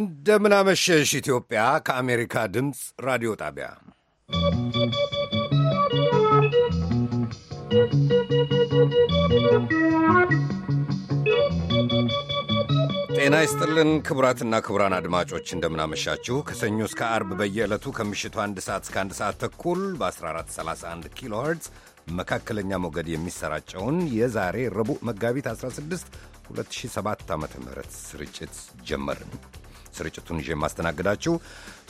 እንደምናመሸሽ ኢትዮጵያ ከአሜሪካ ድምፅ ራዲዮ ጣቢያ ጤና ይስጥልን ክቡራትና ክቡራን አድማጮች እንደምናመሻችሁ። ከሰኞ እስከ አርብ በየዕለቱ ከምሽቱ አንድ ሰዓት እስከ አንድ ሰዓት ተኩል በ1431 ኪሎ ኸርትዝ መካከለኛ ሞገድ የሚሰራጨውን የዛሬ ረቡዕ መጋቢት 16 2007 ዓ ም ስርጭት ጀመርን። ስርጭቱን ይዤ የማስተናግዳችሁ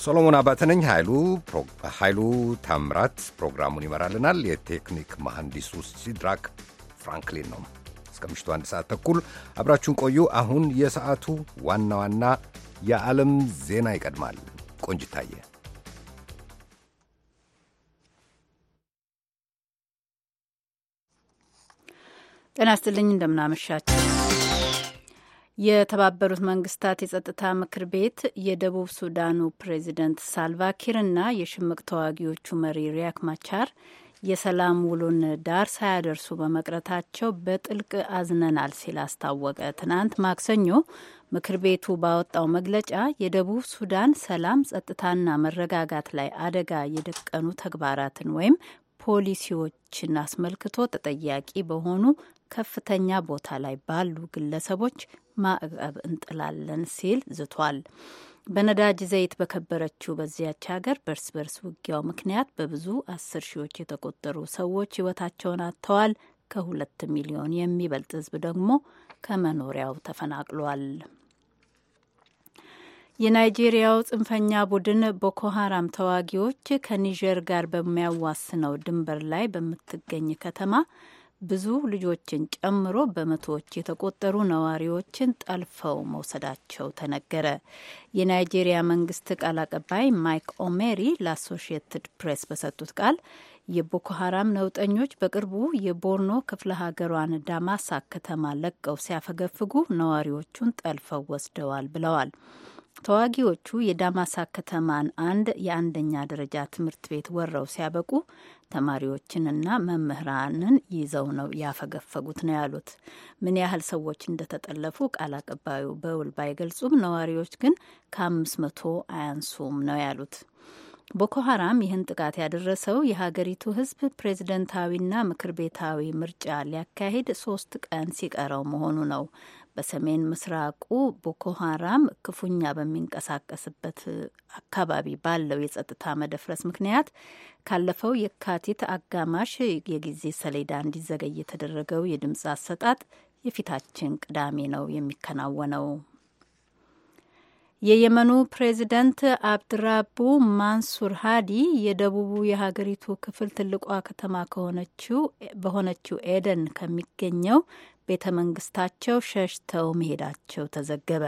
ሶሎሞን አባተነኝ። ኃይሉ ታምራት ፕሮግራሙን ይመራልናል። የቴክኒክ መሐንዲሱ ሲድራክ ፍራንክሊን ነው። እስከ ምሽቱ አንድ ሰዓት ተኩል አብራችሁን ቆዩ። አሁን የሰዓቱ ዋና ዋና የዓለም ዜና ይቀድማል። ቆንጅታየ ጤና ይስጥልኝ እንደምናመሻችሁ። የተባበሩት መንግስታት የጸጥታ ምክር ቤት የደቡብ ሱዳኑ ፕሬዚደንት ሳልቫኪርና የሽምቅ ተዋጊዎቹ መሪ ሪያክ ማቻር የሰላም ውሉን ዳር ሳያደርሱ በመቅረታቸው በጥልቅ አዝነናል ሲል አስታወቀ። ትናንት ማክሰኞ ምክር ቤቱ ባወጣው መግለጫ የደቡብ ሱዳን ሰላም ጸጥታና መረጋጋት ላይ አደጋ የደቀኑ ተግባራትን ወይም ፖሊሲዎችን አስመልክቶ ተጠያቂ በሆኑ ከፍተኛ ቦታ ላይ ባሉ ግለሰቦች ማዕቀብ እንጥላለን ሲል ዝቷል። በነዳጅ ዘይት በከበረችው በዚያች ሀገር በርስ በርስ ውጊያው ምክንያት በብዙ አስር ሺዎች የተቆጠሩ ሰዎች ሕይወታቸውን አጥተዋል። ከሁለት ሚሊዮን የሚበልጥ ሕዝብ ደግሞ ከመኖሪያው ተፈናቅሏል። የናይጄሪያው ጽንፈኛ ቡድን ቦኮ ሀራም ተዋጊዎች ከኒጀር ጋር በሚያዋስነው ድንበር ላይ በምትገኝ ከተማ ብዙ ልጆችን ጨምሮ በመቶዎች የተቆጠሩ ነዋሪዎችን ጠልፈው መውሰዳቸው ተነገረ። የናይጄሪያ መንግስት ቃል አቀባይ ማይክ ኦሜሪ ለአሶሽየትድ ፕሬስ በሰጡት ቃል የቦኮ ሀራም ነውጠኞች በቅርቡ የቦርኖ ክፍለ ሀገሯን ዳማሳ ከተማ ለቀው ሲያፈገፍጉ ነዋሪዎቹን ጠልፈው ወስደዋል ብለዋል። ተዋጊዎቹ የዳማሳ ከተማን አንድ የአንደኛ ደረጃ ትምህርት ቤት ወረው ሲያበቁ ተማሪዎችንና መምህራንን ይዘው ነው ያፈገፈጉት ነው ያሉት። ምን ያህል ሰዎች እንደተጠለፉ ቃል አቀባዩ በውል ባይገልጹም ነዋሪዎች ግን ከአምስት መቶ አያንሱም ነው ያሉት። ቦኮ ሀራም ይህን ጥቃት ያደረሰው የሀገሪቱ ህዝብ ፕሬዝደንታዊና ምክር ቤታዊ ምርጫ ሊያካሂድ ሶስት ቀን ሲቀረው መሆኑ ነው። በሰሜን ምስራቁ ቦኮ ሀራም ክፉኛ በሚንቀሳቀስበት አካባቢ ባለው የጸጥታ መደፍረስ ምክንያት ካለፈው የካቲት አጋማሽ የጊዜ ሰሌዳ እንዲዘገይ የተደረገው የድምፅ አሰጣጥ የፊታችን ቅዳሜ ነው የሚከናወነው። የየመኑ ፕሬዚደንት አብድራቡ ማንሱር ሃዲ የደቡቡ የሀገሪቱ ክፍል ትልቋ ከተማ ከሆነችው በሆነችው ኤደን ከሚገኘው ቤተ መንግስታቸው ሸሽተው መሄዳቸው ተዘገበ።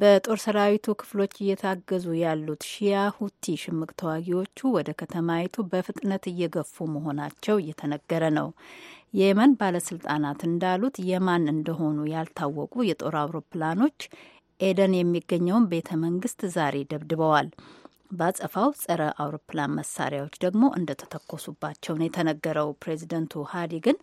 በጦር ሰራዊቱ ክፍሎች እየታገዙ ያሉት ሺያ ሁቲ ሽምቅ ተዋጊዎቹ ወደ ከተማይቱ በፍጥነት እየገፉ መሆናቸው እየተነገረ ነው። የየመን ባለስልጣናት እንዳሉት የማን እንደሆኑ ያልታወቁ የጦር አውሮፕላኖች ኤደን የሚገኘውን ቤተ መንግስት ዛሬ ደብድበዋል። ባጸፋው ጸረ አውሮፕላን መሳሪያዎች ደግሞ እንደተተኮሱባቸው ነው የተነገረው። ፕሬዚደንቱ ሃዲ ግን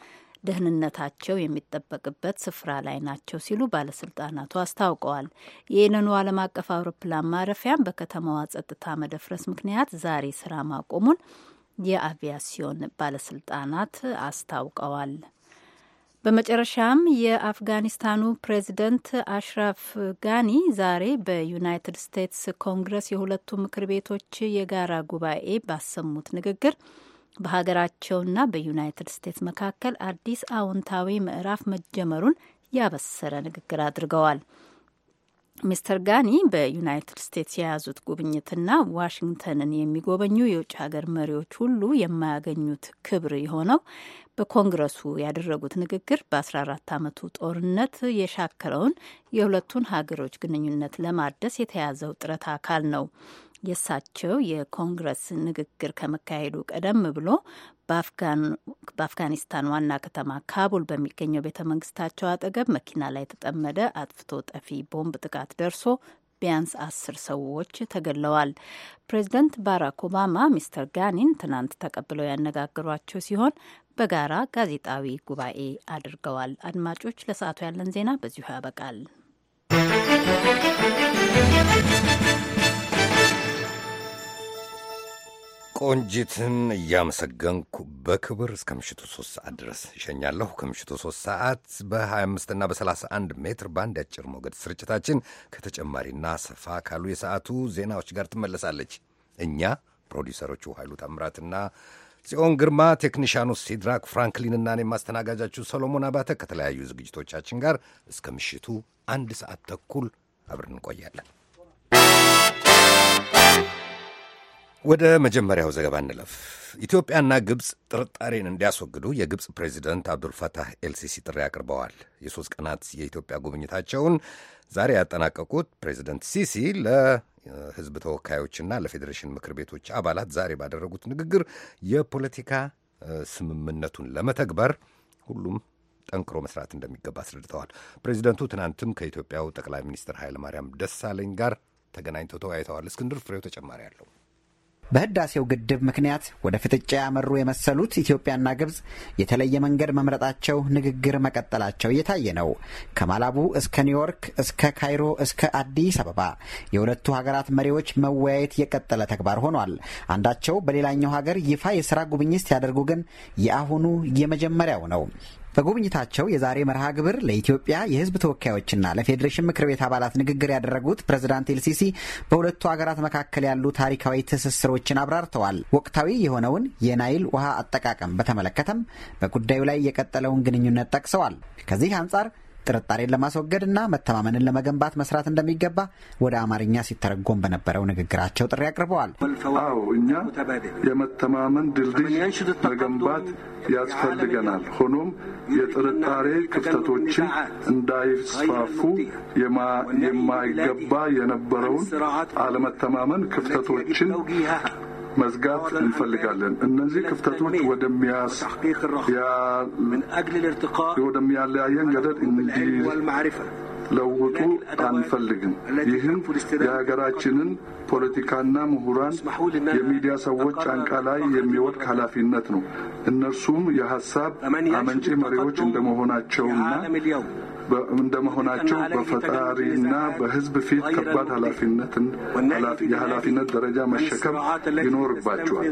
ደህንነታቸው የሚጠበቅበት ስፍራ ላይ ናቸው ሲሉ ባለስልጣናቱ አስታውቀዋል። የኤደኑ ዓለም አቀፍ አውሮፕላን ማረፊያም በከተማዋ ጸጥታ መደፍረስ ምክንያት ዛሬ ስራ ማቆሙን የአቪያሲዮን ባለስልጣናት አስታውቀዋል። በመጨረሻም የአፍጋኒስታኑ ፕሬዚደንት አሽራፍ ጋኒ ዛሬ በዩናይትድ ስቴትስ ኮንግረስ የሁለቱ ምክር ቤቶች የጋራ ጉባኤ ባሰሙት ንግግር በሀገራቸውና በዩናይትድ ስቴትስ መካከል አዲስ አዎንታዊ ምዕራፍ መጀመሩን ያበሰረ ንግግር አድርገዋል። ሚስተር ጋኒ በዩናይትድ ስቴትስ የያዙት ጉብኝትና ዋሽንግተንን የሚጎበኙ የውጭ ሀገር መሪዎች ሁሉ የማያገኙት ክብር የሆነው በኮንግረሱ ያደረጉት ንግግር በ14 ዓመቱ ጦርነት የሻከረውን የሁለቱን ሀገሮች ግንኙነት ለማደስ የተያዘው ጥረት አካል ነው። የእሳቸው የኮንግረስ ንግግር ከመካሄዱ ቀደም ብሎ በአፍጋኒስታን ዋና ከተማ ካቡል በሚገኘው ቤተ መንግስታቸው አጠገብ መኪና ላይ የተጠመደ አጥፍቶ ጠፊ ቦምብ ጥቃት ደርሶ ቢያንስ አስር ሰዎች ተገድለዋል። ፕሬዚደንት ባራክ ኦባማ ሚስተር ጋኒን ትናንት ተቀብለው ያነጋግሯቸው ሲሆን በጋራ ጋዜጣዊ ጉባኤ አድርገዋል። አድማጮች፣ ለሰዓቱ ያለን ዜና በዚሁ ያበቃል። ቆንጂትን እያመሰገንኩ በክብር እስከ ምሽቱ ሶስት ሰዓት ድረስ ይሸኛለሁ። ከምሽቱ ሶስት ሰዓት በ25 እና በ31 ሜትር ባንድ ያጭር ሞገድ ስርጭታችን ከተጨማሪና ሰፋ ካሉ የሰዓቱ ዜናዎች ጋር ትመለሳለች። እኛ ፕሮዲውሰሮቹ ኃይሉ ታምራትና ጽዮን ግርማ፣ ቴክኒሻኑ ሲድራክ ፍራንክሊንና ኔ ማስተናጋጃችሁ ሰሎሞን አባተ ከተለያዩ ዝግጅቶቻችን ጋር እስከ ምሽቱ አንድ ሰዓት ተኩል አብረን እንቆያለን። ወደ መጀመሪያው ዘገባ እንለፍ። ኢትዮጵያና ግብፅ ጥርጣሬን እንዲያስወግዱ የግብፅ ፕሬዚደንት አብዱልፈታህ ኤልሲሲ ጥሪ አቅርበዋል። የሶስት ቀናት የኢትዮጵያ ጉብኝታቸውን ዛሬ ያጠናቀቁት ፕሬዚደንት ሲሲ ህዝብ ተወካዮችና ለፌዴሬሽን ምክር ቤቶች አባላት ዛሬ ባደረጉት ንግግር የፖለቲካ ስምምነቱን ለመተግበር ሁሉም ጠንክሮ መስራት እንደሚገባ አስረድተዋል። ፕሬዚደንቱ ትናንትም ከኢትዮጵያው ጠቅላይ ሚኒስትር ኃይለማርያም ደሳለኝ ጋር ተገናኝተው ተወያይተዋል። እስክንድር ፍሬው ተጨማሪ አለው። በህዳሴው ግድብ ምክንያት ወደ ፍጥጫ ያመሩ የመሰሉት ኢትዮጵያና ግብጽ የተለየ መንገድ መምረጣቸው ንግግር መቀጠላቸው እየታየ ነው። ከማላቡ እስከ ኒውዮርክ፣ እስከ ካይሮ፣ እስከ አዲስ አበባ የሁለቱ ሀገራት መሪዎች መወያየት የቀጠለ ተግባር ሆኗል። አንዳቸው በሌላኛው ሀገር ይፋ የስራ ጉብኝት ሲያደርጉ ግን የአሁኑ የመጀመሪያው ነው። በጉብኝታቸው የዛሬ መርሃ ግብር ለኢትዮጵያ የሕዝብ ተወካዮችና ለፌዴሬሽን ምክር ቤት አባላት ንግግር ያደረጉት ፕሬዝዳንት ኤልሲሲ በሁለቱ ሀገራት መካከል ያሉ ታሪካዊ ትስስሮችን አብራርተዋል። ወቅታዊ የሆነውን የናይል ውሃ አጠቃቀም በተመለከተም በጉዳዩ ላይ የቀጠለውን ግንኙነት ጠቅሰዋል። ከዚህ አንጻር ጥርጣሬን ለማስወገድ እና መተማመንን ለመገንባት መስራት እንደሚገባ ወደ አማርኛ ሲተረጎም በነበረው ንግግራቸው ጥሪ አቅርበዋል። አዎ እኛ የመተማመን ድልድይ መገንባት ያስፈልገናል። ሆኖም የጥርጣሬ ክፍተቶችን እንዳይስፋፉ የማይገባ የነበረውን አለመተማመን ክፍተቶችን መዝጋት እንፈልጋለን። እነዚህ ክፍተቶች ወደሚያለያየን ገደል እንዲለውጡ አንፈልግም። ይህም የሀገራችንን ፖለቲካና ምሁራን፣ የሚዲያ ሰዎች ጫንቃ ላይ የሚወድቅ ኃላፊነት ነው። እነርሱም የሀሳብ አመንጪ መሪዎች እንደመሆናቸውና እንደመሆናቸው በፈጣሪና በሕዝብ ፊት ከባድ ኃላፊነትን የኃላፊነት ደረጃ መሸከም ይኖርባቸዋል።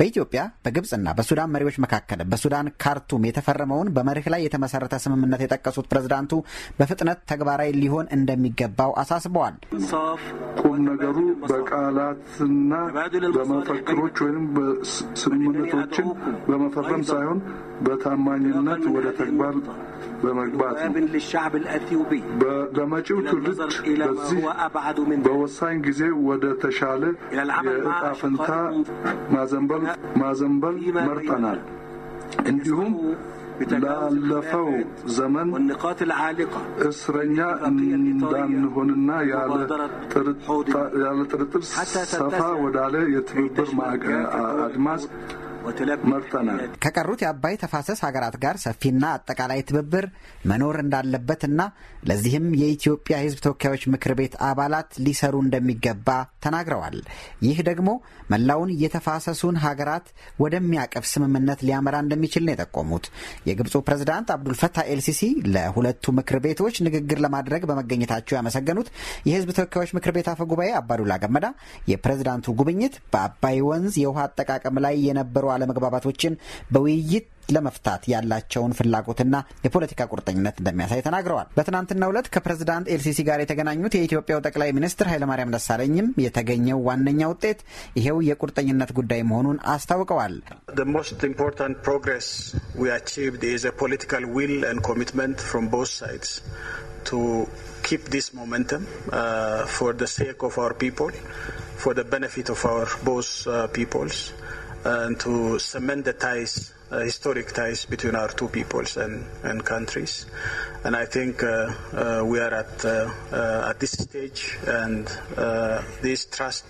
በኢትዮጵያ በግብፅና በሱዳን መሪዎች መካከል በሱዳን ካርቱም የተፈረመውን በመርህ ላይ የተመሰረተ ስምምነት የጠቀሱት ፕሬዝዳንቱ በፍጥነት ተግባራዊ ሊሆን እንደሚገባው አሳስበዋል። ቁም ነገሩ በቃላትና በመፈክሮች ወይም ስምምነቶችን በመፈረም ሳይሆን በታማኝነት ወደ ተግባር በመግባት ነው። ለመጪው ትውልድ በዚህ በወሳኝ ጊዜ ወደ ተሻለ የእጣ ፈንታ ማዘንበል مازنبل مرطنا انهم لالفوا زمن والنقاط العالقة إسرنيا دان هننا يالا ترتر سفا ودالة يتببر مع أدماس ከቀሩት የአባይ ተፋሰስ ሀገራት ጋር ሰፊና አጠቃላይ ትብብር መኖር እንዳለበትና ለዚህም የኢትዮጵያ ሕዝብ ተወካዮች ምክር ቤት አባላት ሊሰሩ እንደሚገባ ተናግረዋል። ይህ ደግሞ መላውን የተፋሰሱን ሀገራት ወደሚያቀፍ ስምምነት ሊያመራ እንደሚችል ነው የጠቆሙት። የግብፁ ፕሬዝዳንት አብዱልፈታህ ኤልሲሲ ለሁለቱ ምክር ቤቶች ንግግር ለማድረግ በመገኘታቸው ያመሰገኑት የሕዝብ ተወካዮች ምክር ቤት አፈ ጉባኤ አባዱላ ገመዳ የፕሬዝዳንቱ ጉብኝት በአባይ ወንዝ የውሃ አጠቃቀም ላይ የነበሩ አለመግባባቶችን በውይይት ለመፍታት ያላቸውን ፍላጎትና የፖለቲካ ቁርጠኝነት እንደሚያሳይ ተናግረዋል። በትናንትናው ዕለት ከፕሬዝዳንት ኤልሲሲ ጋር የተገናኙት የኢትዮጵያው ጠቅላይ ሚኒስትር ኃይለማርያም ደሳለኝም የተገኘው ዋነኛ ውጤት ይሄው የቁርጠኝነት ጉዳይ መሆኑን አስታውቀዋል። ፒፖልስ። and to cement the ties, uh, historic ties between our two peoples and, and countries. And I think uh, uh, we are at, uh, uh, at this stage, and uh, this trust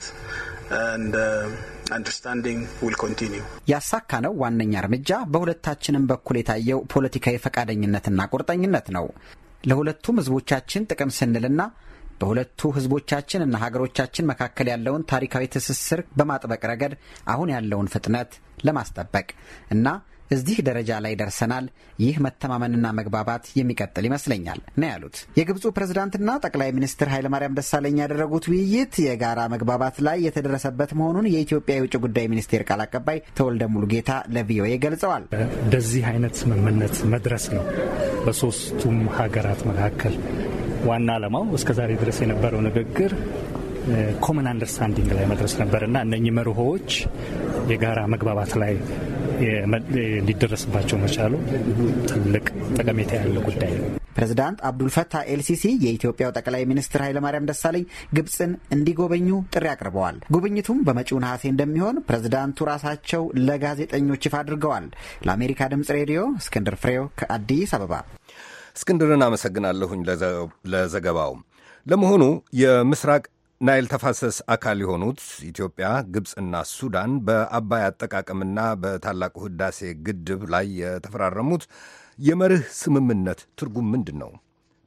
and uh, አንደርስታንዲንግ ውል ኮንቲኒው ያሳካ ነው። ዋነኛ እርምጃ በሁለታችንም በኩል የታየው ፖለቲካዊ ፈቃደኝነትና ቁርጠኝነት ነው። ለሁለቱም ህዝቦቻችን ጥቅም ስንልና በሁለቱ ህዝቦቻችን እና ሀገሮቻችን መካከል ያለውን ታሪካዊ ትስስር በማጥበቅ ረገድ አሁን ያለውን ፍጥነት ለማስጠበቅ እና እዚህ ደረጃ ላይ ደርሰናል። ይህ መተማመንና መግባባት የሚቀጥል ይመስለኛል ነው ያሉት። የግብፁ ፕሬዝዳንትና ጠቅላይ ሚኒስትር ኃይለማርያም ደሳለኝ ያደረጉት ውይይት የጋራ መግባባት ላይ የተደረሰበት መሆኑን የኢትዮጵያ የውጭ ጉዳይ ሚኒስቴር ቃል አቀባይ ተወልደ ሙሉጌታ ለቪኦኤ ገልጸዋል። እንደዚህ አይነት ስምምነት መድረስ ነው በሶስቱም ሀገራት መካከል ዋና ዓላማው እስከዛሬ ድረስ የነበረው ንግግር ኮመን አንደርስታንዲንግ ላይ መድረስ ነበር እና እነኚህ መርሆዎች የጋራ መግባባት ላይ ሊደረስባቸው መቻሉ ትልቅ ጠቀሜታ ያለው ጉዳይ ነው። ፕሬዚዳንት አብዱልፈታህ ኤልሲሲ የኢትዮጵያው ጠቅላይ ሚኒስትር ኃይለማርያም ደሳለኝ ግብፅን እንዲጎበኙ ጥሪ አቅርበዋል። ጉብኝቱም በመጪው ነሐሴ እንደሚሆን ፕሬዚዳንቱ ራሳቸው ለጋዜጠኞች ይፋ አድርገዋል። ለአሜሪካ ድምፅ ሬዲዮ እስክንድር ፍሬው ከአዲስ አበባ። እስክንድርን አመሰግናለሁኝ ለዘገባው። ለመሆኑ የምስራቅ ናይል ተፋሰስ አካል የሆኑት ኢትዮጵያ፣ ግብፅና ሱዳን በአባይ አጠቃቀምና በታላቁ ህዳሴ ግድብ ላይ የተፈራረሙት የመርህ ስምምነት ትርጉም ምንድን ነው?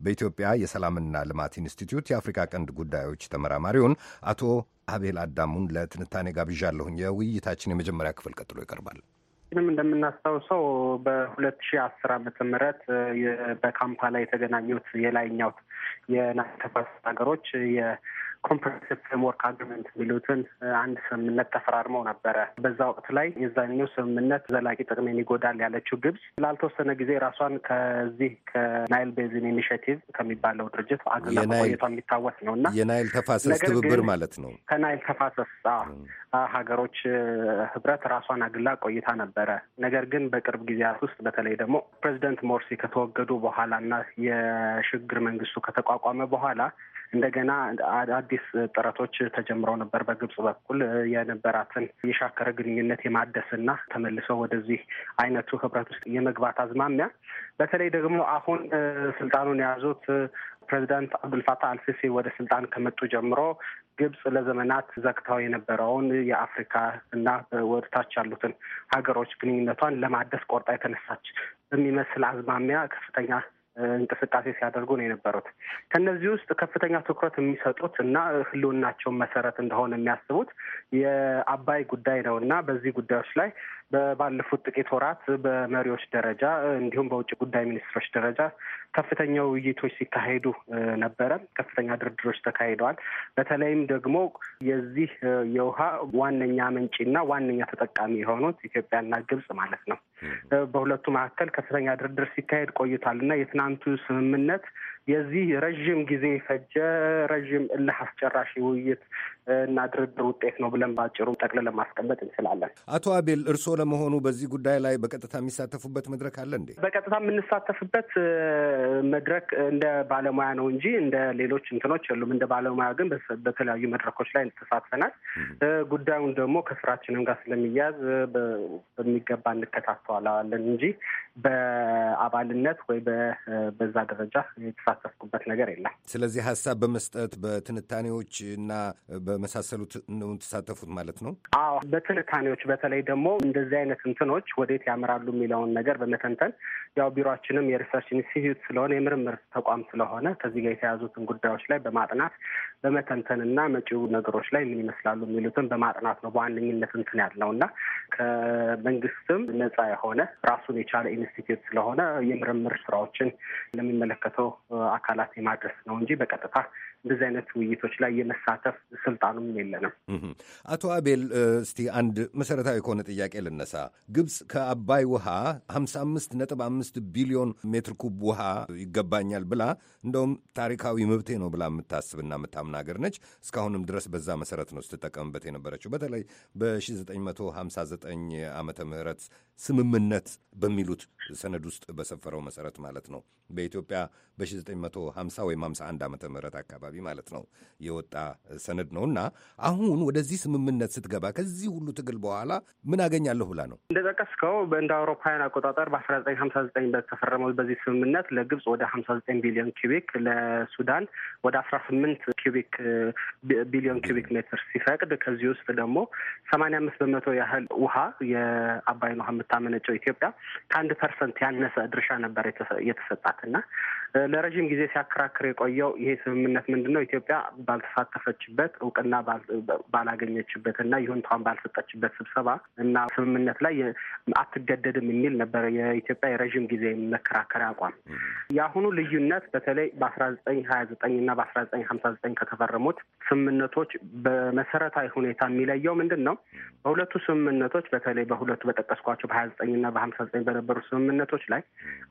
በኢትዮጵያ የሰላምና ልማት ኢንስቲትዩት የአፍሪካ ቀንድ ጉዳዮች ተመራማሪውን አቶ አቤል አዳሙን ለትንታኔ ጋብዣለሁኝ። የውይይታችን የመጀመሪያ ክፍል ቀጥሎ ይቀርባል። ይህንም እንደምናስታውሰው በሁለት ሺህ አስር ዓመተ ምህረት በካምፓላ የተገናኙት የላይኛው የናይል ተፋሰስ ሀገሮች ኮምፕሬሲቭ ፍሬምወርክ አግሪመንት የሚሉትን አንድ ስምምነት ተፈራርመው ነበረ። በዛ ወቅት ላይ የዛኛው ስምምነት ዘላቂ ጥቅሜን ይጎዳል ያለችው ግብጽ ላልተወሰነ ጊዜ ራሷን ከዚህ ከናይል ቤዝን ኢኒሽቲቭ ከሚባለው ድርጅት አግላ መቆየቷ የሚታወስ ነው እና የናይል ተፋሰስ ትብብር ማለት ነው። ከናይል ተፋሰስ ሀገሮች ህብረት ራሷን አግላ ቆይታ ነበረ። ነገር ግን በቅርብ ጊዜያት ውስጥ በተለይ ደግሞ ፕሬዚደንት ሞርሲ ከተወገዱ በኋላ እና የሽግግር መንግስቱ ከተቋቋመ በኋላ እንደገና አዲስ ጥረቶች ተጀምረው ነበር። በግብጽ በኩል የነበራትን የሻከረ ግንኙነት የማደስና ተመልሶ ወደዚህ አይነቱ ህብረት ውስጥ የመግባት አዝማሚያ በተለይ ደግሞ አሁን ስልጣኑን የያዙት ፕሬዚዳንት አብዱልፋታ አልሲሲ ወደ ስልጣን ከመጡ ጀምሮ ግብጽ ለዘመናት ዘግተው የነበረውን የአፍሪካ እና ወደታች ያሉትን ሀገሮች ግንኙነቷን ለማደስ ቆርጣ የተነሳች የሚመስል አዝማሚያ ከፍተኛ እንቅስቃሴ ሲያደርጉ ነው የነበሩት። ከነዚህ ውስጥ ከፍተኛ ትኩረት የሚሰጡት እና ህልውናቸውን መሰረት እንደሆነ የሚያስቡት የአባይ ጉዳይ ነው እና በዚህ ጉዳዮች ላይ ባለፉት ጥቂት ወራት በመሪዎች ደረጃ እንዲሁም በውጭ ጉዳይ ሚኒስትሮች ደረጃ ከፍተኛ ውይይቶች ሲካሄዱ ነበረ። ከፍተኛ ድርድሮች ተካሂደዋል። በተለይም ደግሞ የዚህ የውሃ ዋነኛ ምንጭና ዋነኛ ተጠቃሚ የሆኑት ኢትዮጵያና ግብጽ ማለት ነው። በሁለቱ መካከል ከፍተኛ ድርድር ሲካሄድ ቆይቷል እና የትናንቱ ስምምነት የዚህ ረዥም ጊዜ ፈጀ ረዥም እልህ አስጨራሽ ውይይት እና ድርድር ውጤት ነው ብለን በአጭሩ ጠቅልለን ማስቀመጥ እንችላለን። አቶ አቤል እርስዎ ለመሆኑ በዚህ ጉዳይ ላይ በቀጥታ የሚሳተፉበት መድረክ አለ እንዴ? በቀጥታ የምንሳተፍበት መድረክ እንደ ባለሙያ ነው እንጂ እንደ ሌሎች እንትኖች የሉም። እንደ ባለሙያ ግን በተለያዩ መድረኮች ላይ ተሳትፈናል። ጉዳዩን ደግሞ ከስራችንም ጋር ስለሚያያዝ በሚገባ እንከታተዋለን እንጂ በአባልነት ወይ በዛ ደረጃ የተሳ የተሳተፍኩበት ነገር የለም። ስለዚህ ሀሳብ በመስጠት በትንታኔዎች እና በመሳሰሉት ነው ተሳተፉት ማለት ነው? አዎ በትንታኔዎች በተለይ ደግሞ እንደዚህ አይነት እንትኖች ወዴት ያምራሉ የሚለውን ነገር በመተንተን ያው ቢሮችንም የሪሰርች ኢንስቲትዩት ስለሆነ የምርምር ተቋም ስለሆነ ከዚህ ጋር የተያዙትን ጉዳዮች ላይ በማጥናት በመተንተንና መጪው ነገሮች ላይ ምን ይመስላሉ የሚሉትን በማጥናት ነው በዋነኝነት እንትን ያለው እና ከመንግስትም ነጻ የሆነ ራሱን የቻለ ኢንስቲትዩት ስለሆነ የምርምር ስራዎችን ለሚመለከተው አካላት የማድረስ ነው እንጂ በቀጥታ እንደዚህ አይነት ውይይቶች ላይ የመሳተፍ ስልጣኑም የለንም። አቶ አቤል እስቲ አንድ መሰረታዊ ከሆነ ጥያቄ ልነሳ። ግብፅ ከአባይ ውሃ 55 ነጥብ 5 ቢሊዮን ሜትር ኩብ ውሃ ይገባኛል ብላ እንደውም ታሪካዊ መብቴ ነው ብላ የምታስብና የምታምን ሀገር ነች። እስካሁንም ድረስ በዛ መሰረት ነው ስትጠቀምበት የነበረችው በተለይ በ1959 ዓመተ ምህረት ስምምነት በሚሉት ሰነድ ውስጥ በሰፈረው መሰረት ማለት ነው። በኢትዮጵያ በ1950 ወይም 51 ዓመተ ምህረት አካባቢ ማለት ነው የወጣ ሰነድ ነው እና አሁን ወደዚህ ስምምነት ስትገባ ከዚህ ሁሉ ትግል በኋላ ምን አገኛለሁ ብላ ነው እንደጠቀስከው እንደ አውሮፓውያን አቆጣጠር በ1959 በተፈረመው በዚህ ስምምነት ለግብፅ ወደ 59 ቢሊዮን ኪቢክ ለሱዳን ወደ 18 ኪቢክ ቢሊዮን ኪቢክ ሜትር ሲፈቅድ ከዚህ ውስጥ ደግሞ 85 በመቶ ያህል ውሃ የአባይን ውሃ የምታመነጨው ኢትዮጵያ ከአንድ ፐርሰንት ያነሰ ድርሻ ነበር የተሰጣት እና ለረዥም ጊዜ ሲያከራክር የቆየው ይሄ ስምምነት ምንድን ነው? ኢትዮጵያ ባልተሳተፈችበት እውቅና ባላገኘችበት እና ይሁንታዋን ባልሰጠችበት ስብሰባ እና ስምምነት ላይ አትገደድም የሚል ነበር የኢትዮጵያ የረዥም ጊዜ መከራከሪያ አቋም። የአሁኑ ልዩነት በተለይ በአስራ ዘጠኝ ሀያ ዘጠኝ እና በአስራ ዘጠኝ ሀምሳ ዘጠኝ ከተፈረሙት ስምምነቶች በመሰረታዊ ሁኔታ የሚለየው ምንድን ነው? በሁለቱ ስምምነቶች በተለይ በሁለቱ በጠቀስኳቸው በሀያ ዘጠኝ እና በሀምሳ ዘጠኝ በነበሩ ስምምነቶች ላይ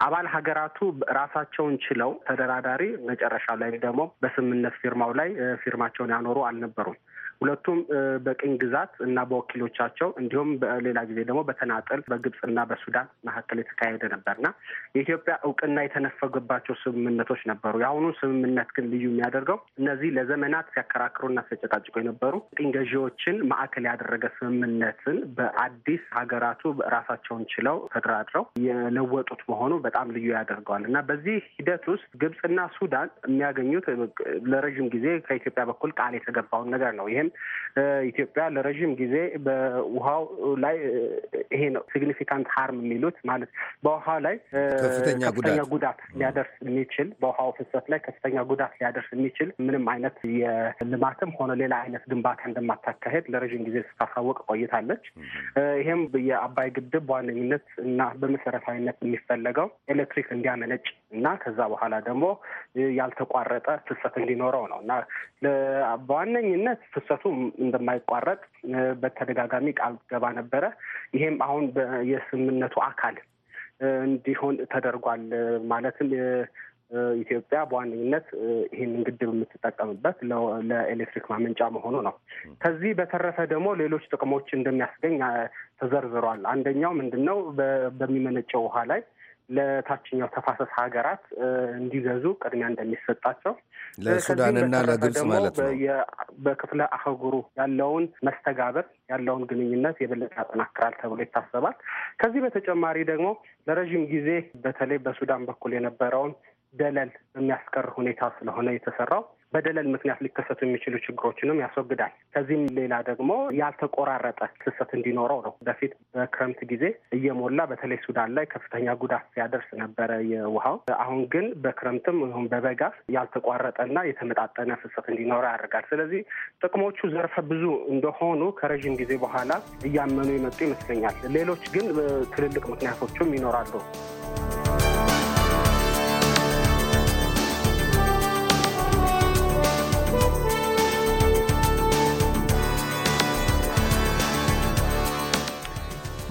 አባል ሀገራቱ ራሳቸውን ችለው ተደራዳሪ መጨረሻ ላይ ደግሞ በስምምነት ፊርማው ላይ ፊርማቸውን ያኖሩ አልነበሩም። ሁለቱም በቅኝ ግዛት እና በወኪሎቻቸው እንዲሁም በሌላ ጊዜ ደግሞ በተናጠል በግብጽ እና በሱዳን መካከል የተካሄደ ነበርና የኢትዮጵያ እውቅና የተነፈገባቸው ስምምነቶች ነበሩ። የአሁኑ ስምምነት ግን ልዩ የሚያደርገው እነዚህ ለዘመናት ሲያከራክሩና ሲያጨቃጭቁ የነበሩ ቅኝ ገዢዎችን ማዕከል ያደረገ ስምምነትን በአዲስ ሀገራቱ ራሳቸውን ችለው ተደራድረው የለወጡት መሆኑ በጣም ልዩ ያደርገዋል እና በዚህ ሂደት ውስጥ ግብጽና ሱዳን የሚያገኙት ለረዥም ጊዜ ከኢትዮጵያ በኩል ቃል የተገባውን ነገር ነው። ይህም ኢትዮጵያ ለረዥም ጊዜ በውሃው ላይ ይሄ ነው ሲግኒፊካንት ሀርም የሚሉት ማለት በውሃ ላይ ከፍተኛ ጉዳት ሊያደርስ የሚችል በውሃው ፍሰት ላይ ከፍተኛ ጉዳት ሊያደርስ የሚችል ምንም አይነት የልማትም ሆነ ሌላ አይነት ግንባታ እንደማታካሄድ ለረዥም ጊዜ ስታሳወቅ ቆይታለች። ይህም የአባይ ግድብ በዋነኝነት እና በመሰረታዊነት የሚፈለገው ኤሌክትሪክ እንዲያመነጭ እና ከዛ በኋላ ደግሞ ያልተቋረጠ ፍሰት እንዲኖረው ነው እና በዋነኝነት ፍሰቱ እንደማይቋረጥ በተደጋጋሚ ቃል ገባ ነበረ። ይሄም አሁን የስምምነቱ አካል እንዲሆን ተደርጓል። ማለትም ኢትዮጵያ በዋነኝነት ይህንን ግድብ የምትጠቀምበት ለኤሌክትሪክ ማመንጫ መሆኑ ነው። ከዚህ በተረፈ ደግሞ ሌሎች ጥቅሞች እንደሚያስገኝ ተዘርዝሯል። አንደኛው ምንድን ነው? በሚመነጨው ውሃ ላይ ለታችኛው ተፋሰስ ሀገራት እንዲገዙ ቅድሚያ እንደሚሰጣቸው ለሱዳንና ለግብጽ ማለት ነው። በክፍለ አህጉሩ ያለውን መስተጋብር ያለውን ግንኙነት የበለጠ ያጠናክራል ተብሎ ይታሰባል። ከዚህ በተጨማሪ ደግሞ ለረዥም ጊዜ በተለይ በሱዳን በኩል የነበረውን ደለል በሚያስቀር ሁኔታ ስለሆነ የተሰራው በደለል ምክንያት ሊከሰቱ የሚችሉ ችግሮችንም ያስወግዳል። ከዚህም ሌላ ደግሞ ያልተቆራረጠ ፍሰት እንዲኖረው ነው። በፊት በክረምት ጊዜ እየሞላ በተለይ ሱዳን ላይ ከፍተኛ ጉዳት ሲያደርስ ነበረ የውሃው። አሁን ግን በክረምትም ይሁን በበጋ ያልተቋረጠና የተመጣጠነ ፍሰት እንዲኖረው ያደርጋል። ስለዚህ ጥቅሞቹ ዘርፈ ብዙ እንደሆኑ ከረዥም ጊዜ በኋላ እያመኑ የመጡ ይመስለኛል። ሌሎች ግን ትልልቅ ምክንያቶችም ይኖራሉ።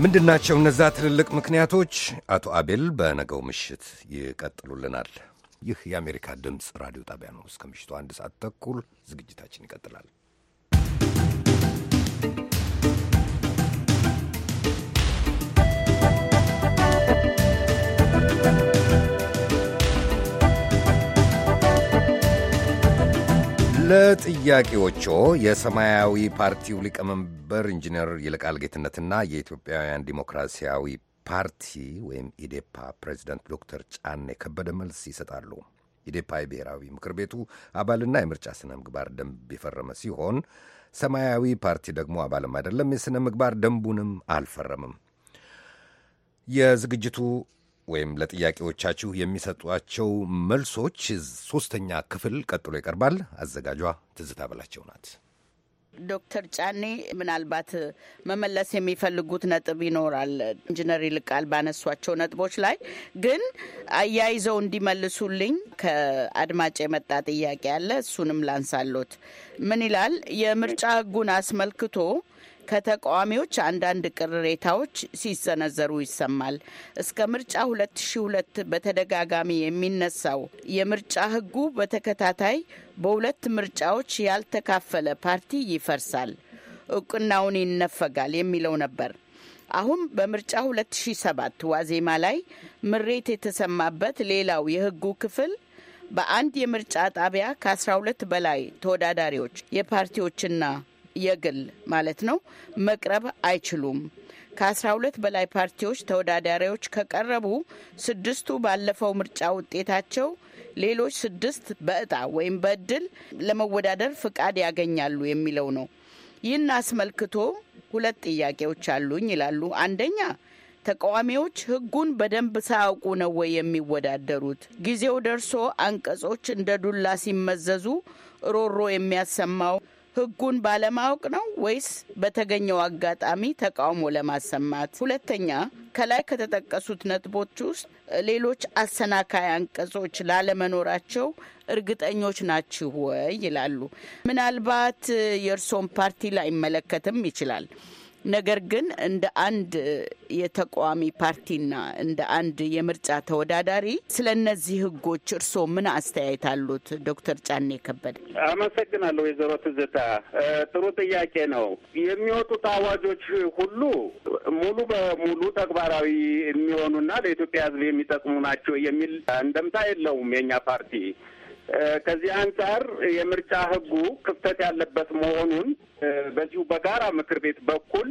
ምንድናቸው እነዛ ትልልቅ ምክንያቶች? አቶ አቤል በነገው ምሽት ይቀጥሉልናል። ይህ የአሜሪካ ድምፅ ራዲዮ ጣቢያ ነው። እስከ ምሽቱ አንድ ሰዓት ተኩል ዝግጅታችን ይቀጥላል። ለጥያቄዎቹ የሰማያዊ ፓርቲው ሊቀመንበር ኢንጂነር ይልቃል ጌትነትና የኢትዮጵያውያን ዲሞክራሲያዊ ፓርቲ ወይም ኢዴፓ ፕሬዚዳንት ዶክተር ጫኔ ከበደ መልስ ይሰጣሉ። ኢዴፓ የብሔራዊ ምክር ቤቱ አባልና የምርጫ ስነ ምግባር ደንብ የፈረመ ሲሆን ሰማያዊ ፓርቲ ደግሞ አባልም አይደለም፣ የስነ ምግባር ደንቡንም አልፈረምም። የዝግጅቱ ወይም ለጥያቄዎቻችሁ የሚሰጧቸው መልሶች ሶስተኛ ክፍል ቀጥሎ ይቀርባል። አዘጋጇ ትዝታ በላቸው ናት። ዶክተር ጫኔ ምናልባት መመለስ የሚፈልጉት ነጥብ ይኖራል። ኢንጂነር ይልቃል ባነሷቸው ነጥቦች ላይ ግን አያይዘው እንዲመልሱልኝ ከአድማጭ የመጣ ጥያቄ አለ። እሱንም ላንሳሎት። ምን ይላል? የምርጫ ሕጉን አስመልክቶ ከተቃዋሚዎች አንዳንድ ቅሬታዎች ሲሰነዘሩ ይሰማል። እስከ ምርጫ 2002 በተደጋጋሚ የሚነሳው የምርጫ ሕጉ በተከታታይ በሁለት ምርጫዎች ያልተካፈለ ፓርቲ ይፈርሳል፣ እውቅናውን ይነፈጋል የሚለው ነበር። አሁን በምርጫ 2007 ዋዜማ ላይ ምሬት የተሰማበት ሌላው የሕጉ ክፍል በአንድ የምርጫ ጣቢያ ከ12 በላይ ተወዳዳሪዎች የፓርቲዎችና የግል ማለት ነው መቅረብ አይችሉም። ከ12 በላይ ፓርቲዎች ተወዳዳሪዎች ከቀረቡ ስድስቱ ባለፈው ምርጫ ውጤታቸው ሌሎች ስድስት በእጣ ወይም በእድል ለመወዳደር ፍቃድ ያገኛሉ የሚለው ነው። ይህን አስመልክቶ ሁለት ጥያቄዎች አሉኝ ይላሉ። አንደኛ ተቃዋሚዎች ህጉን በደንብ ሳያውቁ ነው ወይ የሚወዳደሩት? ጊዜው ደርሶ አንቀጾች እንደ ዱላ ሲመዘዙ ሮሮ የሚያሰማው ህጉን ባለማወቅ ነው ወይስ በተገኘው አጋጣሚ ተቃውሞ ለማሰማት? ሁለተኛ ከላይ ከተጠቀሱት ነጥቦች ውስጥ ሌሎች አሰናካይ አንቀጾች ላለመኖራቸው እርግጠኞች ናችሁ ወይ ይላሉ። ምናልባት የእርሶን ፓርቲ ላይመለከትም ይችላል። ነገር ግን እንደ አንድ የተቃዋሚ ፓርቲና እንደ አንድ የምርጫ ተወዳዳሪ ስለ እነዚህ ህጎች እርስዎ ምን አስተያየት አሉት? ዶክተር ጫኔ ከበደ። አመሰግናለሁ ወይዘሮ ትዝታ። ጥሩ ጥያቄ ነው። የሚወጡት አዋጆች ሁሉ ሙሉ በሙሉ ተግባራዊ የሚሆኑና ለኢትዮጵያ ህዝብ የሚጠቅሙ ናቸው የሚል እንደምታ የለውም የእኛ ፓርቲ። ከዚህ አንጻር የምርጫ ህጉ ክፍተት ያለበት መሆኑን በዚሁ በጋራ ምክር ቤት በኩል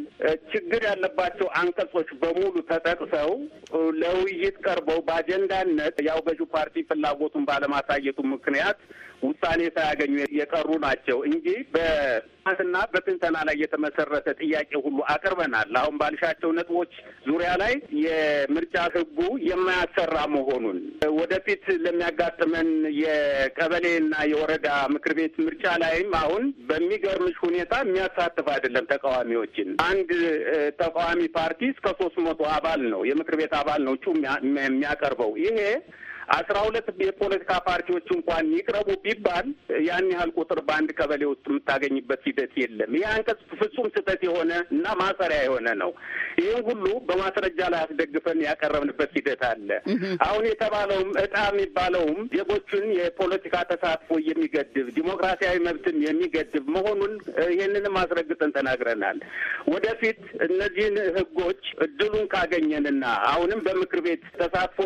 ችግር ያለባቸው አንቀጾች በሙሉ ተጠቅሰው ለውይይት ቀርበው በአጀንዳነት ያው ገዢው ፓርቲ ፍላጎቱን ባለማሳየቱ ምክንያት ውሳኔ ሳያገኙ የቀሩ ናቸው እንጂ በጥናትና በትንተና ላይ የተመሰረተ ጥያቄ ሁሉ አቅርበናል። አሁን ባልሻቸው ነጥቦች ዙሪያ ላይ የምርጫ ሕጉ የማያሰራ መሆኑን ወደፊት ለሚያጋጥመን የቀበሌና የወረዳ ምክር ቤት ምርጫ ላይም አሁን በሚገርምሽ ሁኔታ የሚያሳትፍ አይደለም ተቃዋሚዎችን። አንድ ተቃዋሚ ፓርቲ እስከ ሶስት መቶ አባል ነው የምክር ቤት አባል ነው እጩ የሚያቀርበው ይሄ አስራ ሁለት የፖለቲካ ፓርቲዎች እንኳን ይቅረቡ ቢባል ያን ያህል ቁጥር በአንድ ቀበሌ ውስጥ የምታገኝበት ሂደት የለም። ይህ አንቀጽ ፍጹም ስህተት የሆነ እና ማሰሪያ የሆነ ነው። ይህም ሁሉ በማስረጃ ላይ አስደግፈን ያቀረብንበት ሂደት አለ። አሁን የተባለውም እጣ የሚባለውም ዜጎቹን የፖለቲካ ተሳትፎ የሚገድብ ዲሞክራሲያዊ መብትን የሚገድብ መሆኑን ይህንንም አስረግጠን ተናግረናል። ወደፊት እነዚህን ህጎች እድሉን ካገኘንና አሁንም በምክር ቤት ተሳትፎ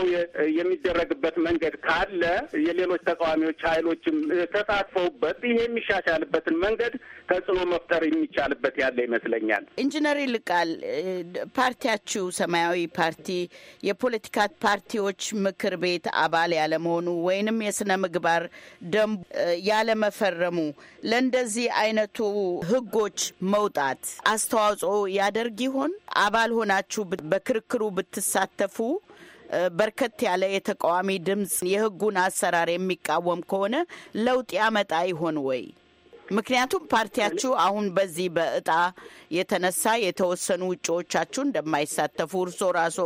የሚደረግበት የሚቻልበት መንገድ ካለ የሌሎች ተቃዋሚዎች ኃይሎችም ተሳትፈውበት ይሄ የሚሻሻልበትን መንገድ ተጽዕኖ መፍጠር የሚቻልበት ያለ ይመስለኛል። ኢንጂነር ይልቃል ፓርቲያችሁ ሰማያዊ ፓርቲ የፖለቲካ ፓርቲዎች ምክር ቤት አባል ያለመሆኑ ወይንም የስነ ምግባር ደንቡ ያለመፈረሙ ለእንደዚህ አይነቱ ህጎች መውጣት አስተዋጽኦ ያደርግ ይሆን? አባል ሆናችሁ በክርክሩ ብትሳተፉ በርከት ያለ የተቃዋሚ ድምፅ የህጉን አሰራር የሚቃወም ከሆነ ለውጥ ያመጣ ይሆን ወይ? ምክንያቱም ፓርቲያችሁ አሁን በዚህ በእጣ የተነሳ የተወሰኑ ውጭዎቻችሁ እንደማይሳተፉ እርሶ ራሶ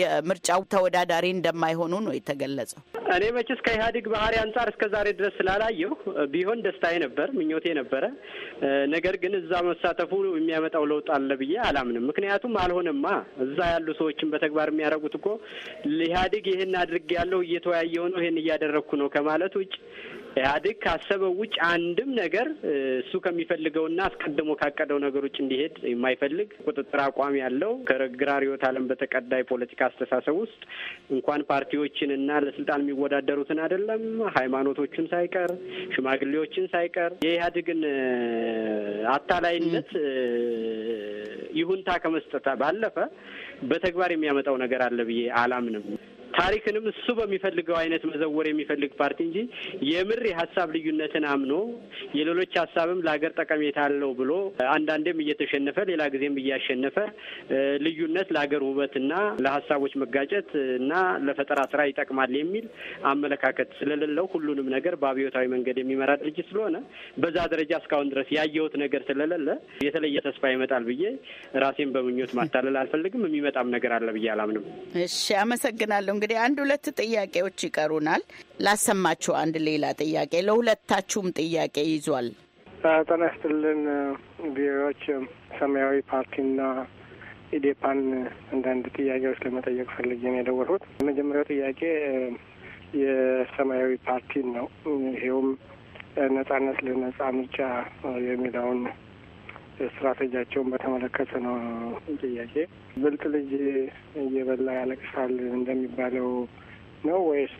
የምርጫው ተወዳዳሪ እንደማይሆኑ ነው የተገለጸው። እኔ መቼስ ከኢህአዴግ ባህሪ አንጻር እስከ ዛሬ ድረስ ስላላየሁ ቢሆን ደስታዬ ነበር፣ ምኞቴ ነበረ። ነገር ግን እዛ መሳተፉ የሚያመጣው ለውጥ አለ ብዬ አላምንም። ምክንያቱም አልሆነማ እዛ ያሉ ሰዎችን በተግባር የሚያደርጉት እኮ ኢህአዴግ ይህን ያለው እየተወያየ ነው ይህን እያደረግኩ ነው ከማለት ውጭ ኢህአዴግ ካሰበው ውጭ አንድም ነገር እሱ ከሚፈልገውና አስቀድሞ ካቀደው ነገር ውጭ እንዲሄድ የማይፈልግ ቁጥጥር አቋም ያለው ከግራር አለም ዓለም በተቀዳ የፖለቲካ አስተሳሰብ ውስጥ እንኳን ፓርቲዎችንና ለስልጣን የሚወዳደሩትን አይደለም ሃይማኖቶችን ሳይቀር ሽማግሌዎችን ሳይቀር የኢህአዴግን አታላይነት ይሁንታ ከመስጠት ባለፈ በተግባር የሚያመጣው ነገር አለ ብዬ አላምንም። ታሪክንም እሱ በሚፈልገው አይነት መዘወር የሚፈልግ ፓርቲ እንጂ የምር የሀሳብ ልዩነትን አምኖ የሌሎች ሀሳብም ለሀገር ጠቀሜታ አለው ብሎ አንዳንዴም እየተሸነፈ ሌላ ጊዜም እያሸነፈ ልዩነት ለሀገር ውበትና ለሀሳቦች መጋጨት እና ለፈጠራ ስራ ይጠቅማል የሚል አመለካከት ስለሌለው ሁሉንም ነገር በአብዮታዊ መንገድ የሚመራ ድርጅት ስለሆነ በዛ ደረጃ እስካሁን ድረስ ያየሁት ነገር ስለሌለ የተለየ ተስፋ ይመጣል ብዬ ራሴን በምኞት ማታለል አልፈልግም። የሚመጣም ነገር አለ ብዬ አላምንም። እሺ፣ አመሰግናለሁ። እንግዲህ አንድ ሁለት ጥያቄዎች ይቀሩናል። ላሰማችሁ አንድ ሌላ ጥያቄ ለሁለታችሁም ጥያቄ ይዟል። ጤና ይስጥልን ቢሮዎች ሰማያዊ ፓርቲና ኢዴፓን አንዳንድ ጥያቄዎች ለመጠየቅ ፈልጌ ነው የደወልኩት። የመጀመሪያው ጥያቄ የሰማያዊ ፓርቲን ነው። ይሄውም ነጻነት ለነጻ ምርጫ የሚለውን ስትራቴጂያቸውን በተመለከተ ነው ጥያቄ። ብልጥ ልጅ እየበላ ያለቅሳል እንደሚባለው ነው ወይስ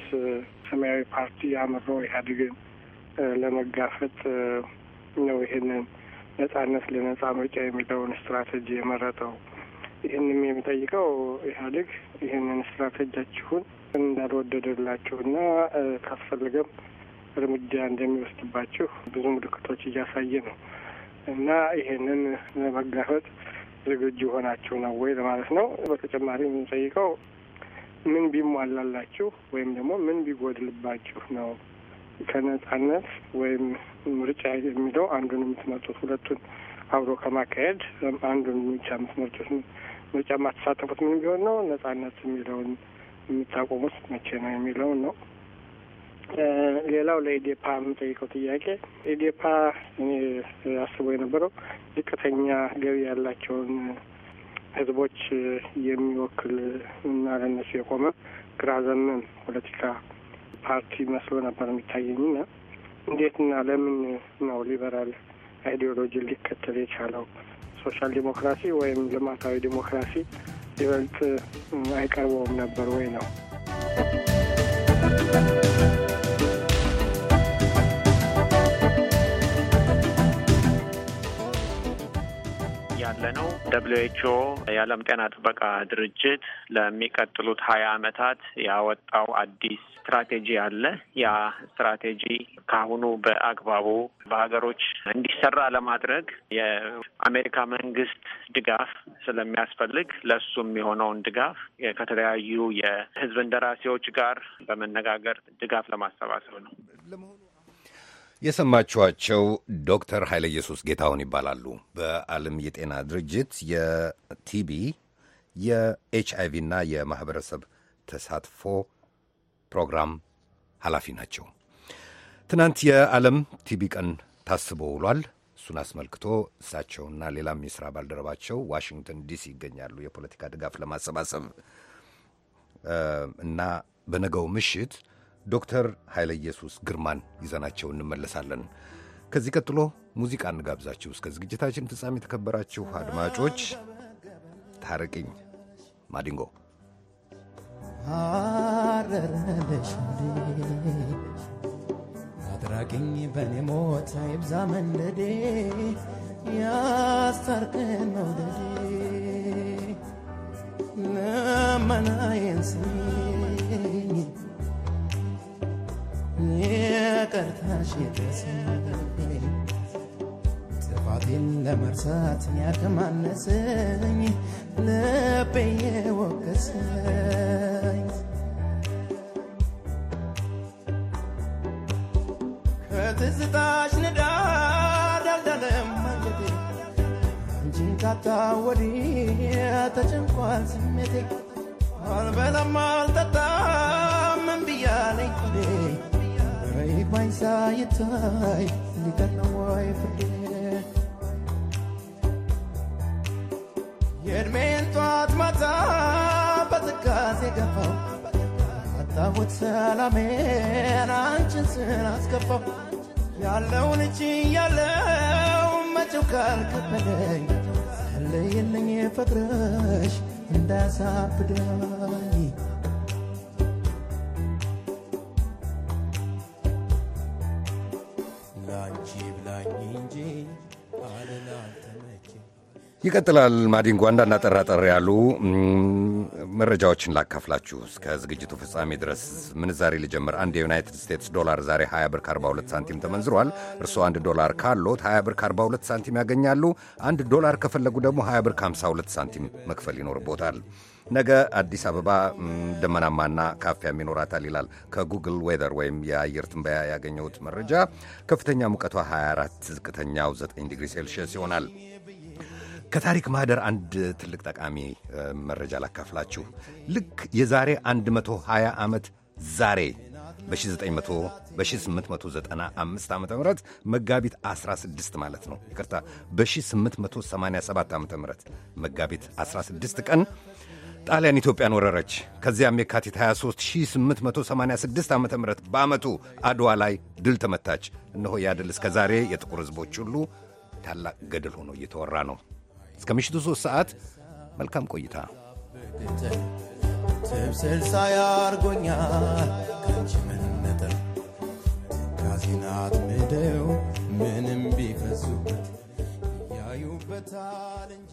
ሰማያዊ ፓርቲ አምሮ ኢህአዴግን ለመጋፈጥ ነው ይህንን ነጻነት ለነጻ ምርጫ የሚለውን ስትራቴጂ የመረጠው? ይህንም የሚጠይቀው ኢህአዴግ ይህንን ስትራቴጂያችሁን እና ካስፈልገም እርምጃ እንደሚወስድባችሁ ብዙ ምልክቶች እያሳየ ነው። እና ይሄንን ለመጋፈጥ ዝግጁ ሆናችሁ ነው ወይ ለማለት ነው። በተጨማሪ የምንጠይቀው ምን ቢሟላላችሁ ወይም ደግሞ ምን ቢጎድልባችሁ ነው ከነጻነት ወይም ምርጫ የሚለው አንዱን የምትመርጡት ሁለቱን አብሮ ከማካሄድ አንዱን ምርጫ የምትመርጡት ምርጫ የማትሳተፉት ምን ቢሆን ነው ነጻነት የሚለውን የምታቆሙት መቼ ነው የሚለውን ነው። ሌላው ለኢዴፓ የምጠይቀው ጥያቄ ኢዴፓ እኔ አስቦ የነበረው ዝቅተኛ ገቢ ያላቸውን ህዝቦች የሚወክል እና ለነሱ የቆመ ግራ ዘመም ፖለቲካ ፓርቲ መስሎ ነበር እንዴት ና ለምን ነው ሊበራል አይዲዮሎጂ ሊከተል የቻለው? ሶሻል ዲሞክራሲ ወይም ልማታዊ ዲሞክራሲ ይበልጥ አይቀርበውም ነበር ወይ ነው? ደብሊው ኤች ኦ የዓለም ጤና ጥበቃ ድርጅት ለሚቀጥሉት ሀያ ዓመታት ያወጣው አዲስ ስትራቴጂ አለ። ያ ስትራቴጂ ከአሁኑ በአግባቡ በሀገሮች እንዲሰራ ለማድረግ የአሜሪካ መንግስት ድጋፍ ስለሚያስፈልግ ለሱም የሆነውን ድጋፍ ከተለያዩ የህዝብ እንደራሴዎች ጋር በመነጋገር ድጋፍ ለማሰባሰብ ነው። የሰማችኋቸው ዶክተር ኃይለ ኢየሱስ ጌታሁን ይባላሉ። በዓለም የጤና ድርጅት የቲቢ የኤች እና የማኅበረሰብ ተሳትፎ ፕሮግራም ኃላፊ ናቸው። ትናንት የዓለም ቲቢ ቀን ታስቦ ውሏል። እሱን አስመልክቶ እሳቸውና ሌላም የሥራ ባልደረባቸው ዋሽንግተን ዲሲ ይገኛሉ የፖለቲካ ድጋፍ ለማሰባሰብ እና በነገው ምሽት ዶክተር ኃይለ ኢየሱስ ግርማን ይዘናቸው እንመለሳለን። ከዚህ ቀጥሎ ሙዚቃ እንጋብዛችሁ። እስከ ዝግጅታችን ፍጻሜ የተከበራችሁ አድማጮች፣ ታርቅኝ ማዲንጎ አድራቅኝ በኔ ሞት አይብዛ መንደዴ ያስታርቅን መውደዴ ለመናየን ስሜ የቀርታሽ የደረሰኝ ጥፋቴን ለመርሳት ያልተማነሰኝ ልቤ የወቀሰኝ ከትዝታሽ ንዳድ አልዳለም አንጀቴ አንቺን ካጣ ወዲያ ተጨንቋል ስሜቴ ሳይ ሊቀር ነው ወይ ፍርዴ? የእድሜን ጧት ማታ በትካዜ ገፋው አጣሁት ሰላሜን አንቺን ስላስከፋው ያለውን እቺ ያለው መጪው ካልከበደኝ ጸልይልኝ ፍቅርሽ እንዳያሳብደኝ ይቀጥላል። ማዲንጎ አንዳንድ አጠራጠር ያሉ መረጃዎችን ላካፍላችሁ እስከ ዝግጅቱ ፍጻሜ ድረስ። ምንዛሬ ልጀምር። አንድ የዩናይትድ ስቴትስ ዶላር ዛሬ 20 ብር ከ42 ሳንቲም ተመንዝሯል። እርስዎ አንድ ዶላር ካሎት 20 ብር ከ42 ሳንቲም ያገኛሉ። አንድ ዶላር ከፈለጉ ደግሞ 20 ብር ከ52 ሳንቲም መክፈል ይኖርቦታል። ነገ አዲስ አበባ ደመናማና ካፊያም ይኖራታል ይላል ከጉግል ዌዘር ወይም የአየር ትንበያ ያገኘሁት መረጃ። ከፍተኛ ሙቀቷ 24፣ ዝቅተኛው 9 ዲግሪ ሴልሺየስ ይሆናል። ከታሪክ ማህደር አንድ ትልቅ ጠቃሚ መረጃ ላካፍላችሁ። ልክ የዛሬ 120 ዓመት ዛሬ በ1895 ዓ ም መጋቢት 16 ማለት ነው። ይቅርታ በ1887 ዓ ም መጋቢት 16 ቀን ጣሊያን ኢትዮጵያን ወረረች። ከዚያም የካቲት 23 1886 ዓ ም በዓመቱ አድዋ ላይ ድል ተመታች። እነሆ ያ ድል እስከ ዛሬ የጥቁር ሕዝቦች ሁሉ ታላቅ ገድል ሆኖ እየተወራ ነው። እስከ ምሽቱ 3 ሰዓት መልካም ቆይታ። ትብስልሳ ያርጎኛል ከንቺ ካዚናት ምደው ምንም ቢፈዙበት ያዩበታል እንጂ